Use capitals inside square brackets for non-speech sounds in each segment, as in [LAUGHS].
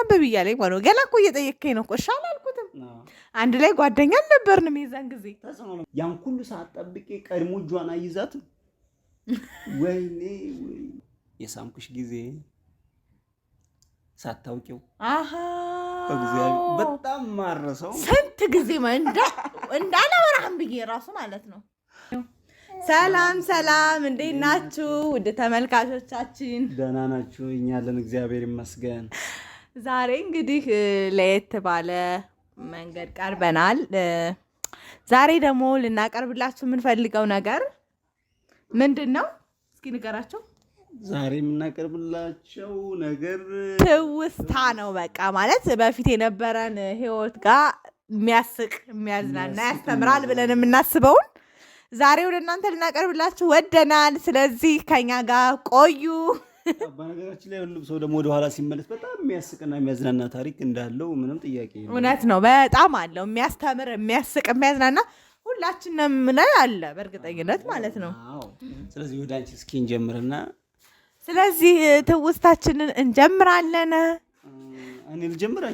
አንብብ እያለኝ ማለት ነው። ገና እኮ ነው። እሺ አላልኩትም። አንድ ላይ ጓደኛ አልነበርንም የዛን ጊዜ። ያን ሁሉ ሰዓት ጠብቄ ቀድሞ እጇን ይዛት ወይኔ የሳምኩሽ ጊዜ ሳታውቂው በጣም ማረሰው ስንት ጊዜ እንዳላወራህም ብዬ ራሱ ማለት ነው። ሰላም ሰላም፣ እንዴት ናችሁ ውድ ተመልካቾቻችን? ደህና ናችሁ? እኛ አለን፣ እግዚአብሔር ይመስገን። ዛሬ እንግዲህ ለየት ባለ መንገድ ቀርበናል። ዛሬ ደግሞ ልናቀርብላችሁ የምንፈልገው ነገር ምንድን ነው? እስኪ ንገራቸው። ዛሬ የምናቀርብላቸው ነገር ትውስታ ነው። በቃ ማለት በፊት የነበረን ህይወት ጋር የሚያስቅ የሚያዝናና ያስተምራል ብለን የምናስበውን ዛሬ ወደ እናንተ ልናቀርብላችሁ ወደናል። ስለዚህ ከኛ ጋር ቆዩ። በነገራችን ላይ ሁሉም ሰው ደግሞ ወደኋላ ሲመለስ በጣም የሚያስቅና የሚያዝናና ታሪክ እንዳለው ምንም ጥያቄ እውነት ነው። በጣም አለው የሚያስተምር፣ የሚያስቅ፣ የሚያዝናና ሁላችንም ላይ አለ በእርግጠኝነት ማለት ነው። ስለዚህ ወደ አንቺ እስኪ እንጀምርና ስለዚህ ትውስታችንን እንጀምራለን። እኔ ልጀምር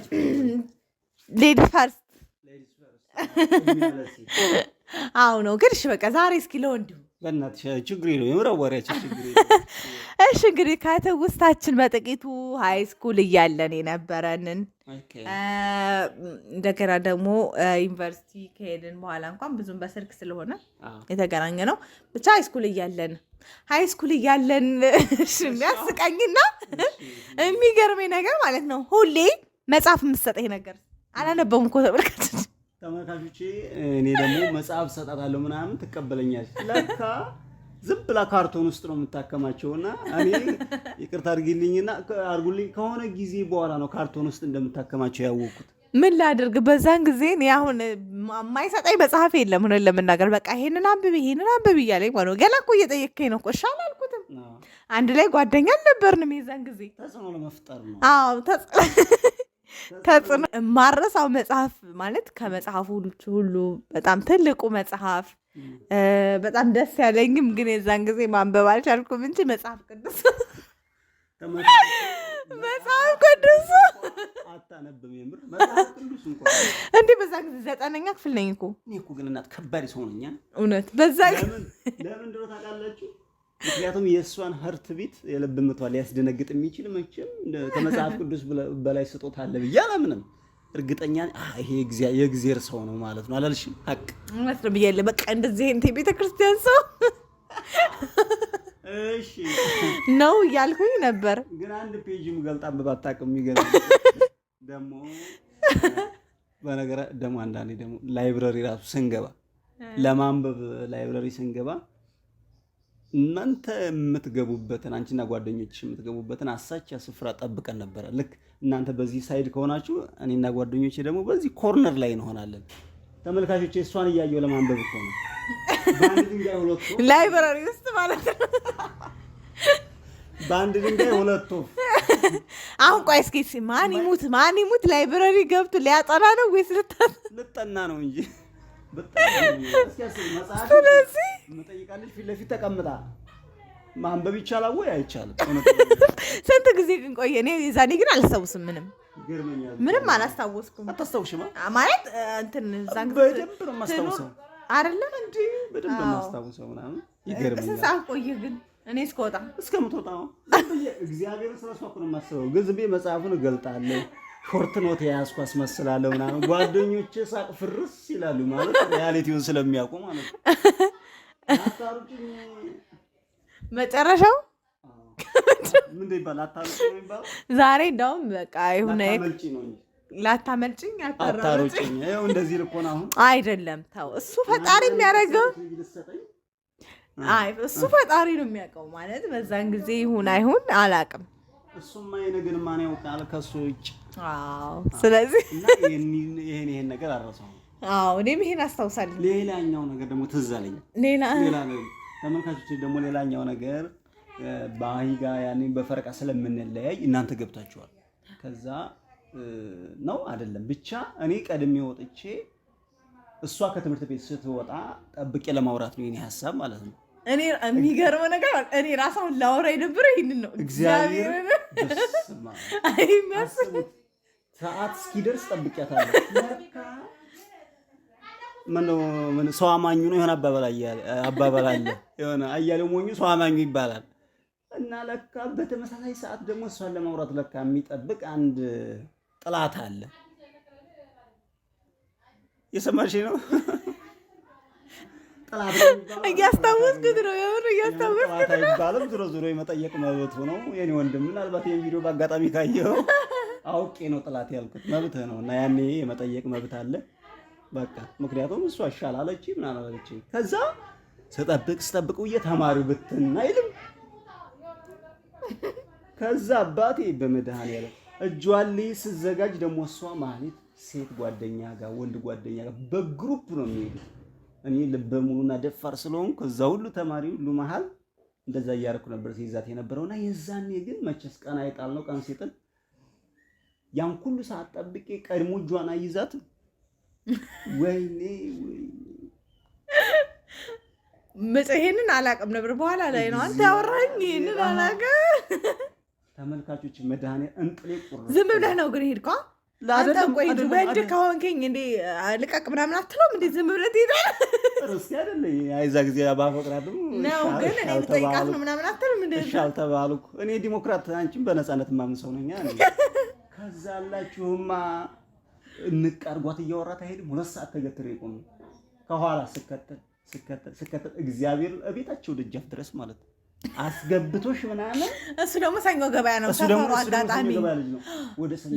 ሌዲ ፈርስት አሁ ነው ግን እሺ በቃ ዛሬ እስኪ ለው እሺ እንግዲህ ከትውስታችን በጥቂቱ ሃይስኩል እያለን የነበረንን እንደገና ደግሞ ዩኒቨርሲቲ ከሄድን በኋላ እንኳን ብዙም በስልክ ስለሆነ የተገናኘ ነው። ብቻ ሃይስኩል እያለን ሃይስኩል እያለን የሚያስቀኝና የሚገርመኝ ነገር ማለት ነው ሁሌ መጽሐፍ የምትሰጠኝ ነገር አላነበብኩም እኮ ተመልካቾቼ እኔ ደግሞ መጽሐፍ ሰጣታለሁ ምናምን ትቀበለኛለች። ለካ ዝም ብላ ካርቶን ውስጥ ነው የምታከማቸውና እኔ ይቅርታ አድርጊልኝና አድርጉልኝ ከሆነ ጊዜ በኋላ ነው ካርቶን ውስጥ እንደምታከማቸው ያወቅኩት። ምን ላድርግ በዛን ጊዜ እኔ አሁን የማይሰጠኝ መጽሐፍ የለም። ሆነ ለምናገር በቃ ይሄንን አንብብ ይሄንን አንብብ እያለኝ ማለት ነው። ገና እኮ እየጠየቅከኝ ነው ቆሻ አላልኩትም። አንድ ላይ ጓደኛ አልነበርንም የዛን ጊዜ ተጽዕኖ ለመፍጠር ነው። አዎ ተጽዕኖ የማረሳው መጽሐፍ ማለት ከመጽሐፉ ሁሉ በጣም ትልቁ መጽሐፍ በጣም ደስ ያለኝም ግን የዛን ጊዜ ማንበብ አልቻልኩም እንጂ መጽሐፍ ቅዱስ መጽሐፍ ቅዱስ እንዲህ በዛ ጊዜ ዘጠነኛ ክፍል ነኝ እኮ እውነት በዛ ምክንያቱም የእሷን ሀርት ቢት የልብ ምቷ ሊያስደነግጥ የሚችል መቼም ከመጽሐፍ ቅዱስ በላይ ስጦታ አለ ብዬ አላምንም። እርግጠኛ ይሄ የእግዜር ሰው ነው ማለት ነው። አላልሽም? ሀቅ መስሎ ብያለ። በቃ እንደዚህ እንትን ቤተክርስቲያን ሰው ነው እያልኩኝ ነበር፣ ግን አንድ ፔጅም ገልጣ በባታቅም የሚገርም ደግሞ በነገራ ደግሞ አንዳንዴ ደግሞ ላይብረሪ ራሱ ስንገባ ለማንበብ ላይብረሪ ስንገባ እናንተ የምትገቡበትን አንቺና ጓደኞች የምትገቡበትን አሳቻ ስፍራ ጠብቀን ነበረ። ልክ እናንተ በዚህ ሳይድ ከሆናችሁ እኔና ጓደኞቼ ደግሞ በዚህ ኮርነር ላይ እንሆናለን። ተመልካቾች እሷን እያየው ለማንበብ እኮ ነው፣ ላይብረሪ ውስጥ ማለት ነው። በአንድ ድንጋይ ሁለት ወፍ። አሁን ቆይ እስኪ ማን ይሙት ማን ይሙት ላይብረሪ ገብቶ ሊያጠና ነው ወይስ ልታጠና ነው እንጂ ስለዚህ መጠይቃለች ፊት ለፊት ተቀምጣ ማንበብ ይቻላል ወይ አይቻልም? ስንት ጊዜ ግን ቆየ። እኔ የዛኔ ግን አላስታውስም፣ ምንም ምንም አላስታወስኩም። አታስታውሽማ ማለት እንትን እዛን ጊዜ በደንብ ነው የማስታውሰው አይደለም እንደ በደንብ ነው የማስታውሰው ምናምን። ይገርመኛል። ስንት ሰዓት ቆየ ግን እኔ እስከወጣ እስከምትወጣ እግዚአብሔር ስለ ነው የማስበው። ግን ዝም ብዬ መጽሐፉን እገልጣለሁ ሾርት ኖት የያዝኩ አስመስላለሁ ምናምን ጓደኞቼ ሳቅ ፍርስ ይላሉ። ማለት ሪያሊቲውን ስለሚያውቁ ማለት ነው መጨረሻው ዛሬ እንደውም በቃ የሆነ ላታመልጭኝ አታሩጭኝ እንደዚህ ልኮን አሁን አይደለም ተው፣ እሱ ፈጣሪ የሚያደርገው አይ እሱ ፈጣሪ ነው የሚያውቀው። ማለት በዛን ጊዜ ይሁን አይሁን አላውቅም። እሱማ የነገን ማን ያውቃል ከሱ ውጭ። ስለዚህ ይሄን ነገር አረሰው አዎ እኔም ይሄን አስታውሳለሁ። ሌላኛው ነገር ደግሞ ትዝ አለኝ። ሌላ ተመልካቾች ደግሞ ሌላኛው ነገር በአሂጋ ያኔ በፈረቃ ስለምንለያይ እናንተ ገብታችኋል። ከዛ ነው አይደለም ብቻ እኔ ቀድሜ ወጥቼ እሷ ከትምህርት ቤት ስትወጣ ጠብቄ ለማውራት ነው የኔ ሀሳብ ማለት ነው። እኔ የሚገርመው ነገር እኔ ራሳውን ላወራ የነበረ ይህንን ነው። እግዚአብሔር ሰዓት እስኪደርስ ጠብቂያታለሁ ምን ሰው አማኙ ነው የሆነ አባባል አለ። የሆነ አያሌው ሞኙ ሰው አማኙ ይባላል። እና ለካ በተመሳሳይ ሰዓት ደግሞ እሷን ለማውራት ለካ የሚጠብቅ አንድ ጥላት አለ። የሰማሽ ነው እያስታወስኩት ነው የምር እያስታወስኩት ነው። አይባልም ዞሮ ዞሮ የመጠየቅ መብት ነው። የኔ ወንድም ምናልባት ይህን ቪዲዮ በአጋጣሚ ካየው አውቄ ነው ጥላት ያልኩት መብትህ ነው እና ያኔ የመጠየቅ መብት አለ። በቃ ምክንያቱም እሷ ይሻላለች ምናምን አለች። ከዛ ስጠብቅ ስጠብቅ ውዬ ተማሪው ብትና አይልም። ከዛ አባቴ በመድኃኔዓለም እጇን ልይዝ ስዘጋጅ ደግሞ እሷ ማለት ሴት ጓደኛ ጋር ወንድ ጓደኛ ጋር በግሩፕ ነው የሚሄዱ። እኔ ልበ ሙሉና ደፋር ስለሆንኩ ከዛ ሁሉ ተማሪ ሁሉ መሀል እንደዛ እያደረኩ ነበር ሲይዛት የነበረውና የዛኔ ግን መቼስ ቀን አይጣል ነው ቀን ሲጥል ያን ሁሉ ሰዓት ጠብቄ ቀድሞ እጇን አይዛት ወይኔ መጽ ይሄንን አላውቅም ነበር። በኋላ ላይ ነው አንተ ያወራኝ። ይሄንን አላውቅም። ተመልካቾች መድኃኔ እንጥሌ ቁር ዝም ብለህ ነው ግን ሄድከው አንተ ቆይ ወንድ ከሆንከኝ እንዴ ልቀቅ ምናምን አትለውም እንዴ? ዝም ብለህ ትሄዳለህ። ሩስ ያደለ አይዛ ጊዜ ባፈቅራለሁ ነው ግን እኔ ልጠይቃት ነው ምናምን አትልም እንዴ? እሺ አልተባልኩ እኔ ዲሞክራት፣ አንቺም በነፃነት ማምን ሰው ነኛ። ከዛ አላችሁማ እንቅ አድርጓት እያወራት አይሄድም። ሁለት ሰዓት ተገትሬ የቆመ ከኋላ ስከተል ስከተል ስከተል እግዚአብሔር እቤታቸው ደጃፍ ድረስ ማለት ነው አስገብቶሽ ምናምን እሱ ደግሞ ሰኞ ገበያ ነው። ሰፈሩ አጋጣሚ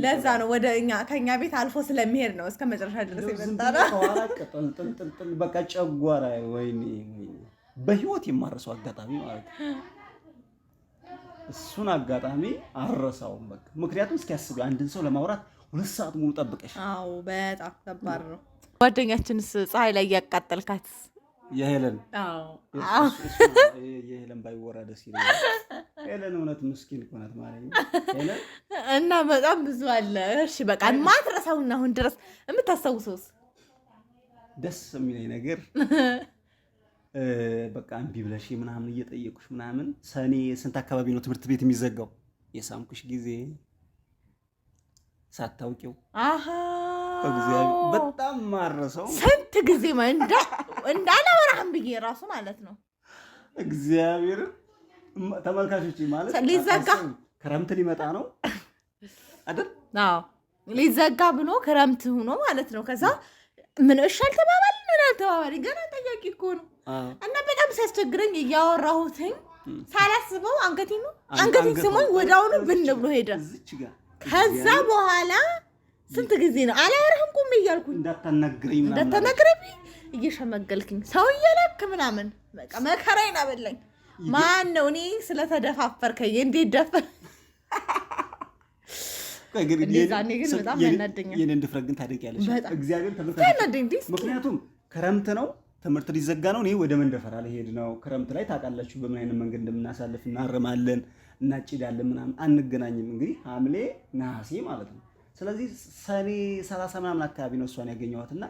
ለዛ ነው ወደ እኛ ከእኛ ቤት አልፎ ስለሚሄድ ነው። እስከ መጨረሻ ድረስ ይመጣልጥልጥልጥል በቃ ጨጓራ ወይ በህይወት የማረሰው አጋጣሚ ማለት ነው። እሱን አጋጣሚ አረሳውም በቃ ምክንያቱም እስኪያስብ አንድን ሰው ለማውራት ሁለት ሰዓት ሙሉ ጠብቀሽ። አዎ በጣም ከባድ ነው። ጓደኛችንስ ፀሐይ ላይ እያቃጠልካት የሄለን የሄለን ባይወራ ደስ ይለኛል። ሄለን እውነት ምስኪን ሆነት ናት ማለት እና በጣም ብዙ አለ። እሺ በቃ ማትረሳውና አሁን ድረስ የምታስታውሰውስ ደስ የሚለኝ ነገር [LAUGHS] በቃ እምቢ ብለሽ ምናምን እየጠየቁሽ ምናምን ሰኔ ስንት አካባቢ ነው ትምህርት ቤት የሚዘጋው የሳምኩሽ ጊዜ ሳታውቂው አሃ በጣም ማረሰው ስንት ጊዜ እንዳላወራህም ብዬ ራሱ ማለት ነው። እግዚአብሔር ተመልካቾች ማለት ሊዘጋ ክረምት ሊመጣ ነው አይደል? ሊዘጋ ብሎ ክረምት ሆኖ ማለት ነው። ከዛ ምን እሺ አልተባባልን ምን አልተባባልን ገና ጠያቂ እኮ ነው። እና በጣም ሲያስቸግረኝ እያወራሁትኝ ሳላስበው አንገቴ ነው አንገቴ ስሞኝ ወዳውኑ ብን ብሎ ሄደ። ከዛ በኋላ ስንት ጊዜ ነው አላወራህም? ቁም እያልኩኝ እንዳታናግረኝ እንዳታናግረኝ እየሸመገልክኝ ሰውዬ ለክ ምናምን በቃ መከራዬን አበላኝ። ማን ነው እኔ ስለተደፋፈርከኝ እንዴት ደፈር ግን በጣም ያናደኛል። እግዚአብሔር ተመታ ያናደኝ። ምክንያቱም ክረምት ነው ትምህርት ሊዘጋ ነው። እኔ ወደ መንደፈራ አልሄድ ነው። ክረምት ላይ ታውቃላችሁ በምን አይነት መንገድ እንደምናሳልፍ፣ እናርማለን፣ እናጭዳለን፣ ምናምን አንገናኝም። እንግዲህ ሐምሌ ነሐሴ ማለት ነው። ስለዚህ ሰኔ ሰላሳ ምናምን አካባቢ ነው እሷን ያገኘኋት እና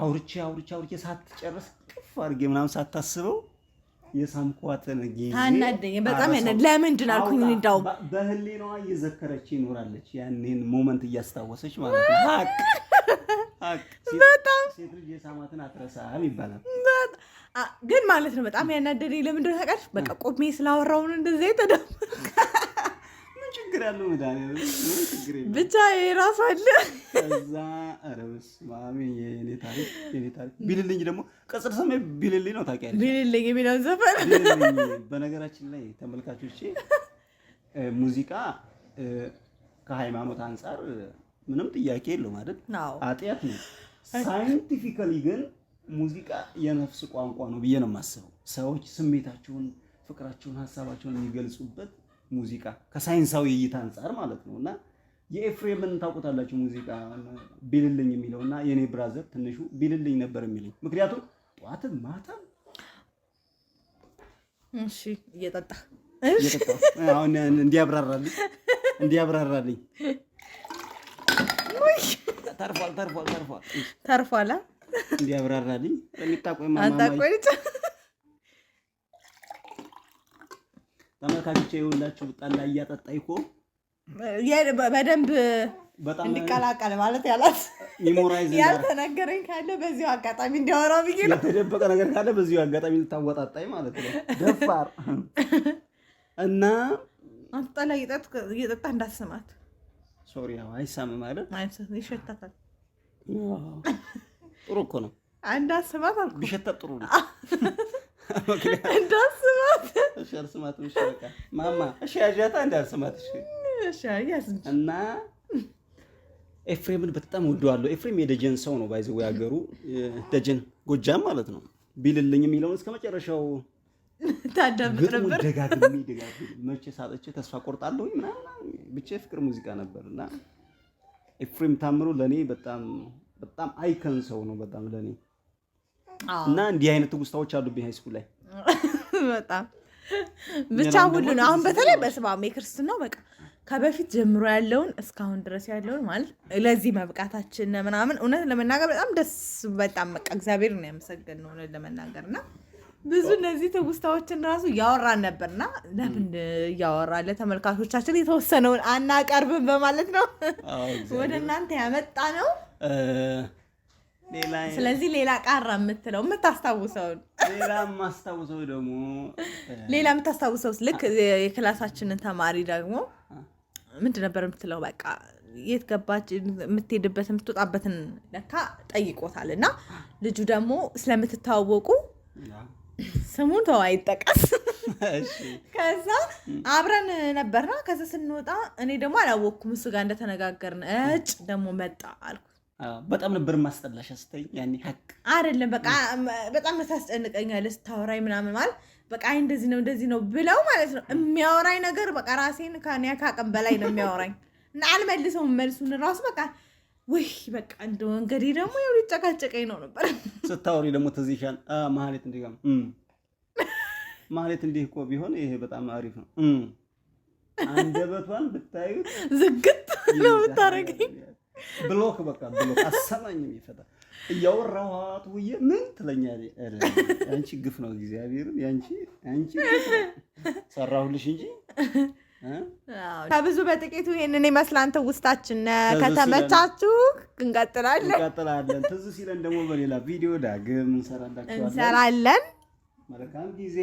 አውርቼ አውርቼ አውርቼ ሳትጨርስ ቅፍ አድርጌ ምናምን ሳታስበው የሳምኳትን ጊዜ ታናደኝ። በጣም ያነ ለምንድን አልኩኝ። እየዘከረች ይኖራለች፣ ያንን ሞመንት እያስታወሰች ማለት ነው በጣም ሴት ልጅ የሳማትን አትረሳም ይባላል። ግን ማለት ነው በጣም ያናደደኝ ለምን እንደሆነ ታውቃለች። በቃ ቆሜ ስላወራውን እንደዚ ተደም ችግር ያለው ብቻ የራሱ አለ ከዛ ቢልልኝ ደግሞ ቀጽር ሰማይ ቢልልኝ ነው ታውቂያለሽ። ቢልልኝ የሚለውን ዘፈን በነገራችን ላይ ተመልካቾቼ ሙዚቃ ከሃይማኖት አንጻር ምንም ጥያቄ የለውም አይደል? አጥያት ነው። ሳይንቲፊካሊ ግን ሙዚቃ የነፍስ ቋንቋ ነው ብዬ ነው የማስበው። ሰዎች ስሜታቸውን፣ ፍቅራቸውን፣ ሀሳባቸውን የሚገልጹበት ሙዚቃ ከሳይንሳዊ እይታ አንጻር ማለት ነው እና የኤፍሬምን ታውቁታላችሁ ሙዚቃ ቢልልኝ የሚለው እና የእኔ ብራዘር ትንሹ ቢልልኝ ነበር የሚለኝ ምክንያቱም ጠዋትም ማታም እየጠጣ እንዲያብራራልኝ እንዲያብራራልኝ ተርፏል ተርፏል ተርፏል ተርፏል። እንዲያብራራልኝ ተመልካቾች የሁላችሁ ጠላ እያጠጣኝ እኮ በደንብ እንዲቀላቀል ማለት ያላት ያልተነገረኝ ካለ በዚሁ አጋጣሚ እንዲያወራው ብዬ ነው። የተደበቀ ነገር ካለ በዚሁ አጋጣሚ ልታወጣጣኝ ማለት ነው። ደፋር እና ጠላ እየጠጣ እንዳትስማት ሶሪ ያው አይሳም አይሳምም አይደል? ይሸታታል። ጥሩ እኮ ነው። እንዳስማት አልኩ። ቢሸታት ጥሩ ነው። [LAUGHS] እንዳስማት እሺ፣ አልስማትም። እሺ፣ በቃ ማማ፣ እሺ፣ ያዣታ እንዳልስማት። እሺ፣ እሺ እና ኤፍሬምን በጣም ወደዋለሁ። ኤፍሬም የደጀን ሰው ነው። ባይዘው ያገሩ ደጀን ጎጃም ማለት ነው። ቢልልኝ የሚለውን እስከ መጨረሻው [LAUGHS] ታዳምጥ ነበር። ደጋግሜ [LAUGHS] ደጋግሜ መቼ ተስፋ ቆርጣለሁ ምናምን ብቻ የፍቅር ሙዚቃ ነበር እና ኤፍሬም ታምሮ ለእኔ በጣም በጣም አይከን ሰው ነው። በጣም ለእኔ እና እንዲህ አይነት ትውስታዎች አሉብኝ ሃይስኩል ላይ [LAUGHS] በጣም ብቻ ሁሉ ነው። አሁን በተለይ በስመ አብ የክርስትናው በቃ ከበፊት ጀምሮ ያለውን እስካሁን ድረስ ያለውን ማለት ለዚህ መብቃታችን ምናምን እውነት ለመናገር በጣም ደስ በጣም በቃ እግዚአብሔር ነው ያመሰገን ነው ለመናገር እና ብዙ እነዚህ ትውስታዎችን ራሱ እያወራን ነበርና ለምን እያወራ ለተመልካቾቻችን የተወሰነውን አናቀርብም በማለት ነው ወደ እናንተ ያመጣ ነው። ስለዚህ ሌላ ቃራ የምትለው የምታስታውሰውን ሌላ የማስታውሰው ደግሞ ሌላ የምታስታውሰው ልክ የክላሳችንን ተማሪ ደግሞ ምንድን ነበር የምትለው በቃ የት ገባች የምትሄድበት የምትወጣበትን ለካ ጠይቆታል እና ልጁ ደግሞ ስለምትታወቁ ስሙ ተው አይጠቀስ። ከዛ አብረን ነበርና ከዛ ስንወጣ እኔ ደግሞ አላወቅኩም እሱ ጋር እንደተነጋገርን እጭ ደግሞ መጣ አልኩ። በጣም ነበር ማስጠላሽ ስተኝ ያኔ ሀቅ አይደለም በቃ በጣም ታስጨንቀኛለህ ስታወራኝ ምናምን ማለት በቃ እንደዚህ ነው እንደዚህ ነው ብለው ማለት ነው የሚያወራኝ ነገር በቃ ራሴን ከኒያ ካቅም በላይ ነው የሚያወራኝ እና አልመልሰውም መልሱን ራሱ በቃ ወይ በቃ እንደ መንገዴ ደግሞ ሊጨቃጨቀኝ ነው ነበር ስታወሪ ደግሞ ትዝ ይሻል ማለት እንዲ ማለት እንዲህ እኮ ቢሆን ይሄ በጣም አሪፍ ነው። አንደበቷን ብታዩት ዝግት ነው ብታረገኝ ብሎክ በቃ ብሎክ አሰማኝ ይፈታል። እያወራኋት ውዬ ምን ትለኛለች? አንቺ ግፍ ነው እግዚአብሔርን ያንቺ አንቺ ሰራሁልሽ እንጂ ከብዙ በጥቂቱ ይህንን ይመስላል። ትውስታችን ከተመቻችሁ እንቀጥላለን እንቀጥላለን። ትዝ ሲለን ደግሞ በሌላ ቪዲዮ ዳግም እንሰራላችኋለን እንሰራለን። መልካም ጊዜ